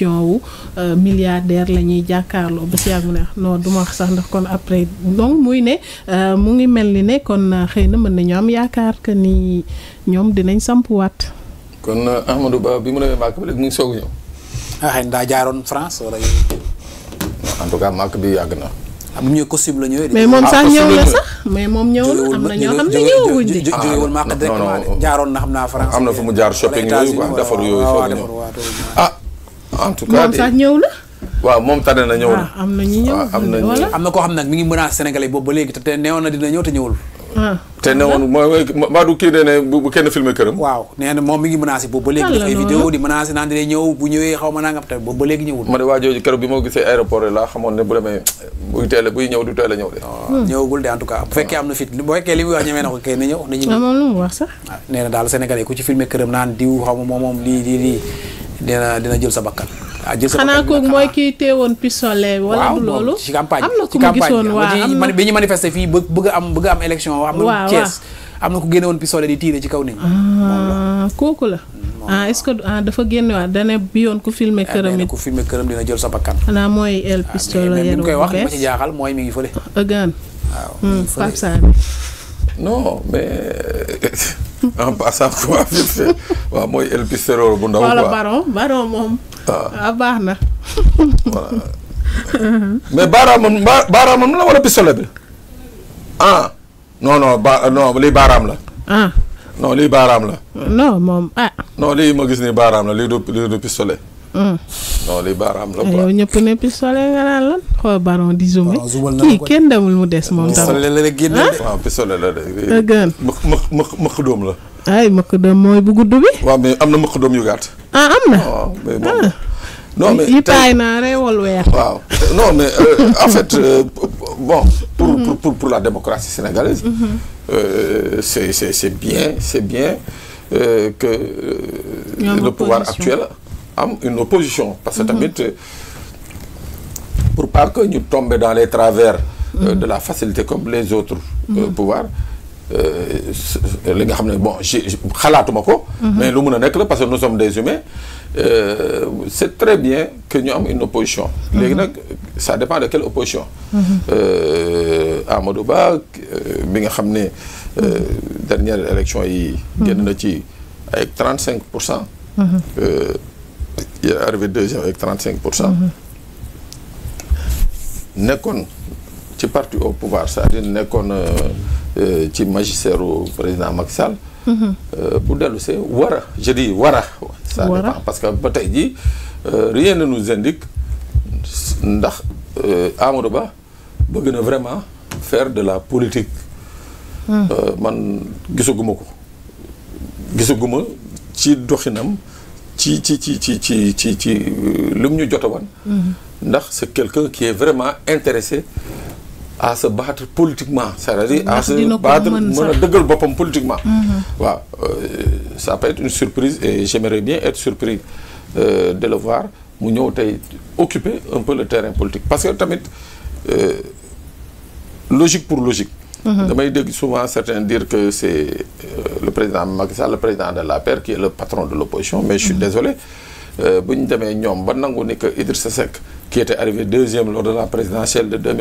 position wu euh, milliardaire la ñuy jàkkaarloo ba si yàgg mu ne non du ma wax sax ndax kon après donc muy ne euh, mu ngi mel ni ne kon euh, xëy na mën nañu am yaakaar que ni ñoom dinañ sampuwaat. kon Amadou Ba bi mu demee Màkk bi mu ngi soog a ñëw. ah xëy na daa jaaroon France wala. en tout bi yàgg na. am na ñooy costume la ñëwee. mais moom ah, sax ñëw la sax mais moom ñëw na am na ñëwuñ di. Ah, jaaroon na xam naa France. mu jaar shopping yooyu quoi defaru yooyu soog ah, a ñëw en tout cas moom sax ñëw la. waaw moom tane ñëw na ah, ah, mi ngi menacé sénégalais boobu ba léegi te neewoon na dina ñëw moom mi ngi menacé boobu ba léegi. dafay vidéo di menacé naan dina ñëw bu a buy ñëw du teel a ñëw ah, lu mu wax sax. nee daal sénégalais ku ci filmé këram naan diw xaw moom moom lii lii lii dina dina jël sa bakkan. ah jël sa bakkan xanaa kooku mooy kiy teewoon pistolet. wala du loolu ci campagne am na ku mu gisoon waaw am na bi ñu manifester fii bëgg a am bëgg a am élection. waaw am na am na ku génne woon pistolet di tiire ci kaw nit ah, kooku la. ah est-ce que ah, dafa génne waat dane bi yoon ku filmé ah, këram it ku dina jël sa bakkan. xanaa mooy el pistolet yeru koy wax li ma mooy mi ngi fële. ëggaan. waaw hmm, Pape en passant quoi vite fait waaw mooy El Pistolero bu baron baron moom. waaw ah. ah, baax na. voilà mais baaraam moom baaraam moom la wala pistolet bi ah non non ba non lii baaraam la. ah non lii baaraam la. non moom ah. non lii ma gis nii baaraam la lii du lii du pistolet. Hmm. non li baaraam la quoi. yow ñëpp ne pistolet nga naan lan xool baron di zoomé. kii kenn demul mu des moom tam. pistolet la de. waaw ah? ah, pistolet mëq mëq mëq doom la. ay mëq doom mooy bu gudd bi. waaw mais am na mëq doom yu gàtt. ah am na waaw ah, mais naa reewal weer. waaw mais euh, en fait euh, bon. pour pour pour la démocratie sénégalaise. Mm-hmm. Euh, c'est c'est bien c'est bien que le pouvoir actuel. am une opposition parce que tamit euh, pour pas que ñu tombe dans les travers euh, de la facilité comme les autres euh, mhm. pouvoirs li nga xam ne bon xalaatuma ko mhm. mais lu mun a nekk la parce que nous sommes des humains Euh, c'est très bien que ñu am une opposition léegi mhm. nag ça dépend de quelle opposition Amadou bi nga xam ne dernière élection yi génn na ci avec trente cinq pour cent il est arrivé deuxième avec 35 pour cent. Mhm. nekkoon ci parti au pouvoir cest à nekkoon euh, euh, ci magistère u président Macky bu mhm. euh, dellu see war a je dis war a. parce que ba tey jii rien ne nous ndax Amadou Ba bëgg na vraiment faire de la politique. Mhm. man gisaguma ko gisaguma ci doxinam. ci ci ci ci ci ci ci euh, lu mu ñu jota wan mm-hmm. ndax c'est quelqu'un qui est vraiment intéressé à se battre politiquement c'est-à-dire à se battre mën a dëggal boppam politiquement mm-hmm. waaw euh, ça peut être une surprise et j'aimerais bien être surpris euh, de le voir mu ñëw tey occuper un peu le terrain politique parce que tamit logique pour logique Mhm. damay dégg souvent certains dire que c' euh, le président Macky le président de l'APR qui est le patron de l' mais je suis mhm. désolé euh, bu ñu demee ñoom ba nangu ni que Idrissa Seck qui était arrivé deuxième lors de la présidentielle de mhm. euh,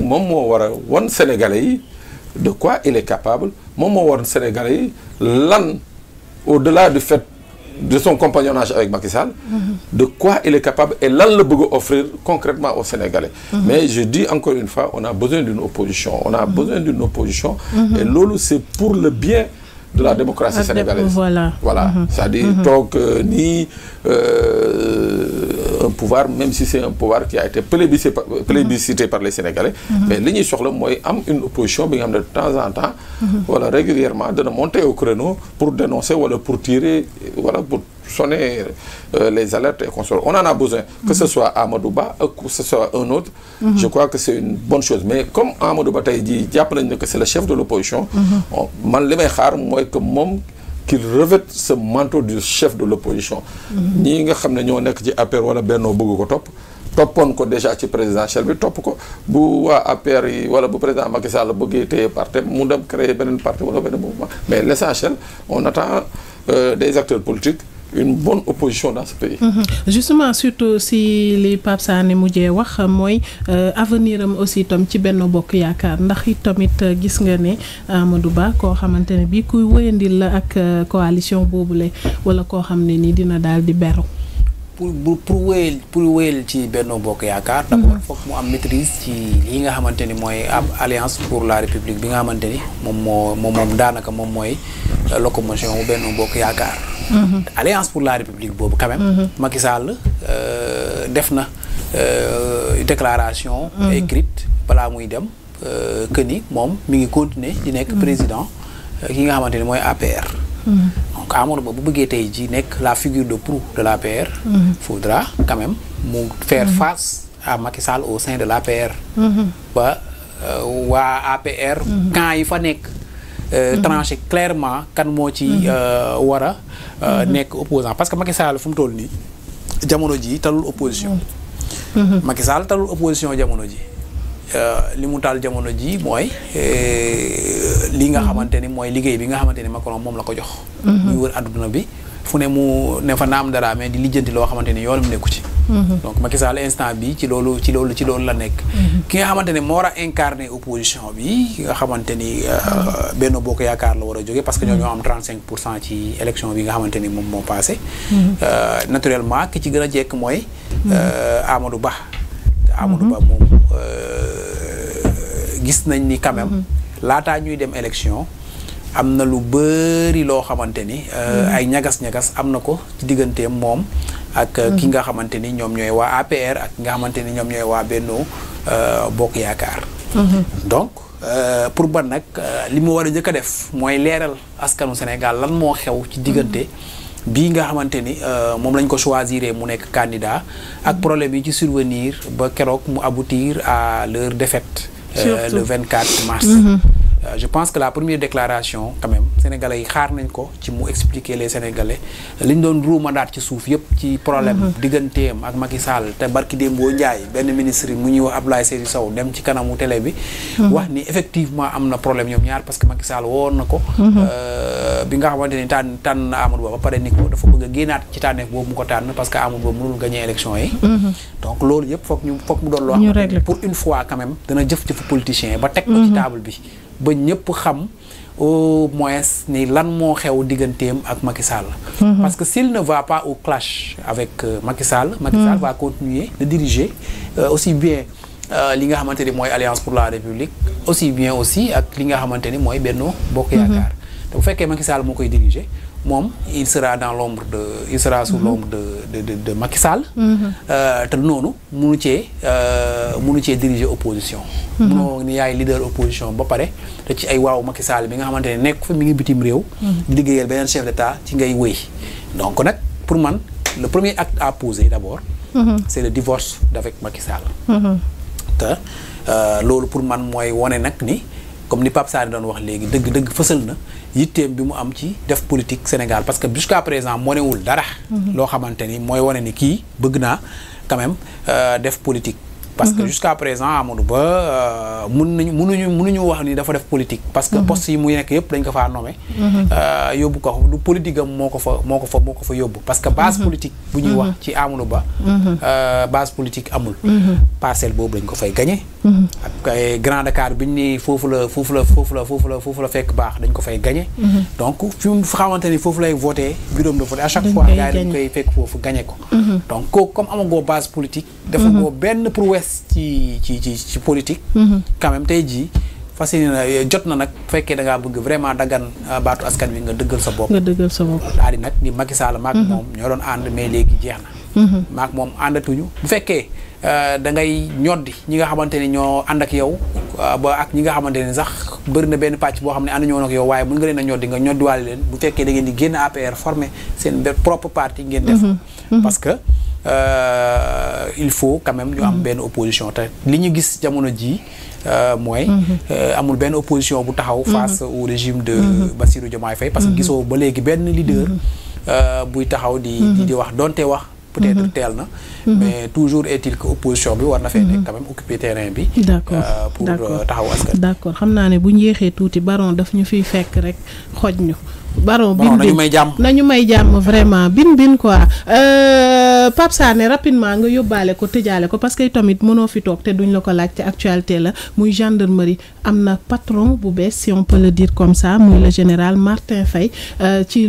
moom moo war a wan sénégalais yi de quoi il est capable moom moo war sénégalais yi lan au-delà du fait de son compagnonnage avec Macky Sall. de quoi il est capable et lan la bëgg a offrir concrètement aux Sénégalais. mais je dis encore une fois on a besoin d'une opposition a et loolu c'est pour le bien. de la démocratie sénégalaise voilà. Mm-hmm. c'est-à-dire mm-hmm. toog euh, nii. Euh, un pouvoir même si c'est un pouvoir qui a été plébiscité par, plébiscité par les Sénégalais mhm. mais li ñuy soxla mooy am une opposition bi nga xam ne temps en temps wala mhm. régulièrement dana monter au pour dénoncer wala pour tirer wala pour sonner euh, les alertes et consoler on en a besoin mhm. que c'est une bonne chose mais comme Amadou Ba tey jàpp nañu ne c'est le chef de l'opposition man li xaar mooy que moom qu'il revête ce manteau du chef de l'opposition ñii nga xam ne ñoo nekk ci APR wala Benno bëgg ko topp toppoon ko déjà ci présidentiel bi topp ko bu waa APR yi wala bu président Macky Sall bëggee téye parti mu dem créer beneen parti wala beneen mouvement mais l'essentiel on attend euh, des acteurs politiques une bonne opposition dans ce pays. Mhm. justement surtout si li Pape Sané mujjee wax mooy euh, avenir am aussi itam ci benn bokk yaakaar ndax it tamit euh, gis nga ne Amadou Ba koo xamante ne bii kuy wëyandil la ak euh, boobu la wala koo xam ne nii dina daal di beru. pour pour wéyal pour wéyal ci Benno Bokk Yaakaar. Mhm. d' abord mu am maîtrise ci yi nga xamante ni mooy ab alliance pour la république bi nga xamante ni moom moo moom moom daanaka moom mooy euh, locomotion bu Benno Bokk Yaakaar. Mhm. alliance pour la république boobu quand même. Mhm. Macky euh, def na euh, déclaration. écrite balaa muy dem que ni moom mi ngi continuer di nekk président ki nga xamante ni mooy APR. donc Amadou Ba bu bëggee tey ji nekk la figure de proue de l'APR. Mhm. faudra quand même mu faire mhm. face à Macky au sein de l'APR. Mhm. ba euh, waa APR. camp yi fa nekk. Euh, tranché clairement kan moo ci euh, war nekk opposant parce que Macky Sall toll nii jamono ji talul opposition. Macky talul opposition jamono ji. Euh, li mu taal jamono ji mooy euh, li nga xamante ni mooy liggéey bi nga xamante ni Macron moom la ko jox. Mhm. muy wër adduna bi fu ne mu ne fa naam dara mais di lijjanti loo xamante ni yoonam nekku ci. Mhm. donc Macky Sall instant bi ci loolu ci loolu la nekk. Mhm. ki nga xamante ne moo war a incarner opposition bi nga xamante ni euh, Benno Bokk Yaakaar la war a jóge parce que ñoo ñoo am 35 pour cent ci élection bi nga xamante ni moom moo passé. naturellement ki ci gën a jekk mooy. Amadou Ba. Amadou mhm. Ba moom euh, gis nañ ni quand même mhm. laataa ñuy dem élection am na lu bari loo xamante ni euh, mhm. ay ñagas-ñagas am na ko ci digganteem moom ak euh, ki nga xamante ni ñoom ñooy waa APR ak ki nga xamante ni ñoom ñooy waa Benno Bokk Yaakaar donc pour ban nag li mu war a njëkk a def mooy leeral askanu Sénégal lan moo xew ci diggante bii nga xamante ni euh, moom lañ ko choisir mu nekk candidat ak problème yi ci survenir ba keroog mu aboutir à leur défaite. Euh, le 24 mars. Mm-hmm. Euh, je pense que la première déclaration quand même sénégalais yi xaar nañ ko ci mu expliquer les sénégalais li ñu doon ruumandaat ci suuf yëpp ci problème mhm. digganteem ak Macky te barki démb boo njaay benn ministre mu ñuy wax Abdoulaye Seydou dem ci kanamu télé bi mhm. wax ni effectivement am na problème ñoom ñaar parce que Macky woon na ko mhm. euh, bi nga xamante ni tànn tànn na Amadou Ba ba pare ni ko dafa bëgg a génnaat ci tànneef boobu mu ko tànn parce que Amadou Ba mënul gagner élection yi donc loolu yëpp foog ñu foog mu doon loo ba ñëpp xam au moins ni lan moo xew digganteem ak Macky Sall. Mhm. parce que s'il ne va pas au clash avec euh, Macky mhm. va continuer de diriger euh, aussi bien. Euh, li nga xamante ni mooy alliance pour la république aussi bien aussi ak li nga xamante ni mooy Benno Bokk mhm. Yaakaar te bu fekkee Macky moo koy diriger moom il sera dans l'ombre de il sera sous mm-hmm. l'ombre de de de de Macky Sall. Mm-hmm. Euh, te noonu munu cee euh, munu cee diriger opposition. Mm-hmm. munoo ni yaay leader opposition ba pare te ci ay waaw Macky bi nga xamante ne nekk fa mi ngi bitim réew. di liggéeyal beneen chef d'état ci ngay wéy donc nag pour man le premier acte à poser d'abord. c'est le divorce d'avec Macky te euh, loolu pour man mooy wone nag ni. comme ni Pape Sarr doon wax léegi dëgg-dëgg fësal na yitteem bi mu am ci def politique Sénégal parce que jusqu'à présent monewul dara. Mhm. loo xamante ni mooy wane ni kii bëgg naa quand euh, def politique. parce que mhm. jusqu'à présent Amadou Ba euh, mun nañu munuñu munuñu wax ni dafa def politique. parce que mhm. poste yi mu nekk yëpp dañ ko mhm. euh, fa moo yóbbu que base politique. bu ñuy wax ci Amadou Ba. Euh, base politique amul. parcelle boobu lañ ko fay gagné. ak Grand Dakar biñ ni foofu la foofu la foofu la foofu la foofu fekk baax dañ ko fay gagné. donc fi mu xamante foofu lay voté bureau de chaque fois. dañ dañ koy fekk foofu gagné ko. donc kooku comme amagoo base politique. dafa goo benn prouesse bees ci ci ci ci politique. Mhm. quand même tey jii fas na eh, jot na nag bu fekkee da ngaa bëgg vraiment dagan eh, baatu askan wi nga dëggal sa bopp. nga dëggal sa bopp daal di nag ni Macky Sall maak mhm. moom ñoo doon ànd mais léegi jeex na. Mhm. maak moom àndatuñu bu fekkee. Uh, da ngay ñoddi ñi nga xamante ne ñoo ànd ak yow uh, ba ak ñi nga xamante sax bëri benn pàcc boo xam ne ànd ñoo ak yow waaye mën nga leen a ñoddi nga ñoddiwaale leen bu fekkee da ngeen di génn APR former seen propre parti ngeen def mm -hmm. parce que Euh, il faut quand même ñu am mhm. benn opposition te li ñu gis jamono ji euh, mooy mhm. euh, amul benn opposition bu taxaw mhm. face au régime de Bassirou Diomaye Faye parce que gisoo ba léegi benn leader buy taxaw di di wax donte wax peut-être teel na mais toujours est-il que opposition bi war na fee nekk quand occuper terrain bi d'accord pour taxaw askan d'accord xam naa ne bu ñu yéexee tuuti baron daf ñu fiy fekk rek xoj ñu baron bin bin may jàmm nañu may jàmm vraiment bin bin quoi euh, Pape Sané rapidement nga yóbbaale ko tëjaale ko parce que tamit mënoo fi toog te duñ la ko laaj ci actualité la muy gendarmerie am na patron bu bees si on peut comme ça muy le général Martin Faye euh, ci